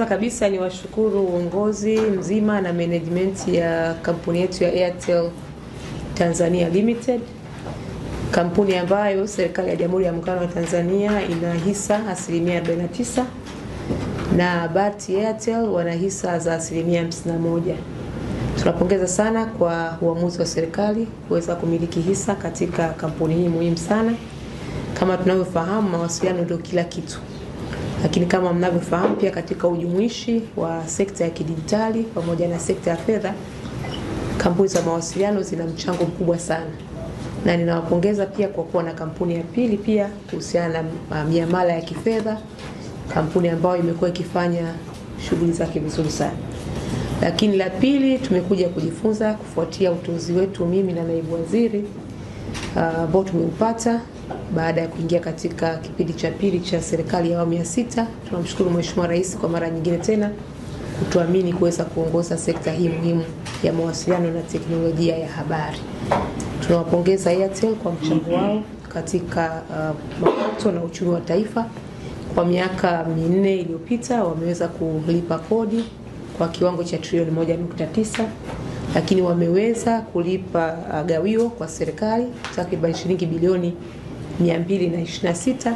Kwanza kabisa ni washukuru uongozi mzima na management ya kampuni yetu ya Airtel Tanzania Limited, kampuni ambayo serikali ya Jamhuri ya Muungano wa Tanzania ina hisa asilimia 49 na Bharti Airtel wana hisa za asilimia 51. Tunapongeza sana kwa uamuzi wa serikali kuweza kumiliki hisa katika kampuni hii muhimu sana. Kama tunavyofahamu, mawasiliano ndio kila kitu. Lakini kama mnavyofahamu, pia katika ujumuishi wa sekta ya kidijitali pamoja na sekta ya fedha, kampuni za mawasiliano zina mchango mkubwa sana, na ninawapongeza pia kwa kuwa na kampuni ya pili pia kuhusiana na uh, miamala ya kifedha, kampuni ambayo imekuwa ikifanya shughuli zake vizuri sana. Lakini la pili, tumekuja kujifunza kufuatia uteuzi wetu mimi na naibu waziri ambao uh, tumeupata baada ya kuingia katika kipindi cha pili cha serikali ya awamu ya sita. Tunamshukuru Mheshimiwa Rais kwa mara nyingine tena kutuamini kuweza kuongoza sekta hii muhimu ya mawasiliano na teknolojia ya habari. Tunawapongeza Airtel kwa mchango wao katika uh, mapato na uchumi wa taifa. Kwa miaka minne iliyopita wameweza kulipa kodi kwa kiwango cha trilioni 1.9 lakini wameweza kulipa gawio kwa serikali takriban shilingi bilioni 226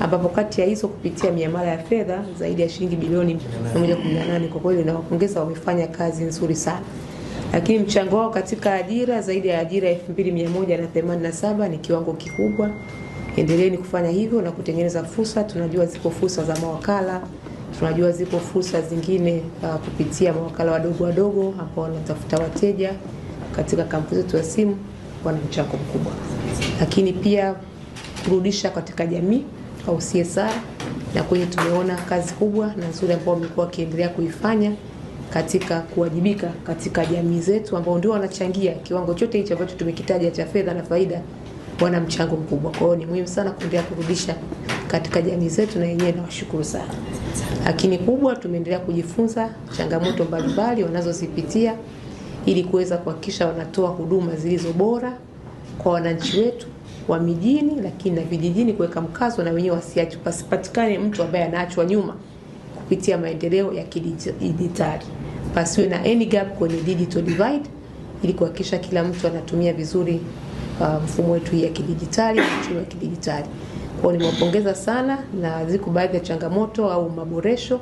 ambapo kati ya hizo kupitia miamala ya fedha zaidi ya shilingi bilioni 118. Kwa kweli nawapongeza, wamefanya kazi nzuri sana. Lakini mchango wao katika ajira zaidi ya ajira 2187 ni kiwango kikubwa. Endeleeni kufanya hivyo na kutengeneza fursa. Tunajua ziko fursa za mawakala Tunajua zipo fursa zingine uh, kupitia mawakala wadogo wadogo ambao wanatafuta wateja katika kampuni zetu za simu, wana mchango mkubwa, lakini pia kurudisha katika jamii au CSR, na kwenye tumeona kazi kubwa na nzuri ambao wamekuwa wakiendelea kuifanya katika kuwajibika katika jamii zetu, ambao ndio wanachangia kiwango chote hicho ambacho tumekitaja cha fedha na faida, wana mchango mkubwa. Kwa hiyo ni muhimu sana kuendelea kurudisha katika jamii zetu, na yenyewe nawashukuru sana. Lakini kubwa, tumeendelea kujifunza changamoto mbalimbali wanazozipitia ili kuweza kuhakikisha wanatoa huduma zilizo bora kwa wananchi wetu wa mijini, lakini na vijijini, kuweka mkazo na wenyewe pasipatikane mtu ambaye anaachwa nyuma kupitia maendeleo ya kidijitali, pasiwe na any gap kwenye digital divide, ili kuhakikisha kila mtu anatumia vizuri uh, mfumo wetu ya kidijitali uchumi wa kidijitali. Kwao nimewapongeza sana, na ziko baadhi ya changamoto au maboresho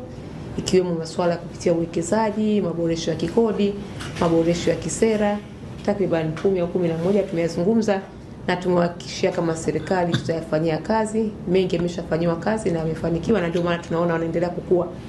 ikiwemo masuala ya kupitia uwekezaji, maboresho ya kikodi, maboresho ya kisera, takriban kumi au kumi na moja tumeyazungumza na tumewahakikishia kama serikali tutayafanyia kazi. Mengi yameshafanyiwa kazi na yamefanikiwa, na ndio maana tunaona wanaendelea kukua.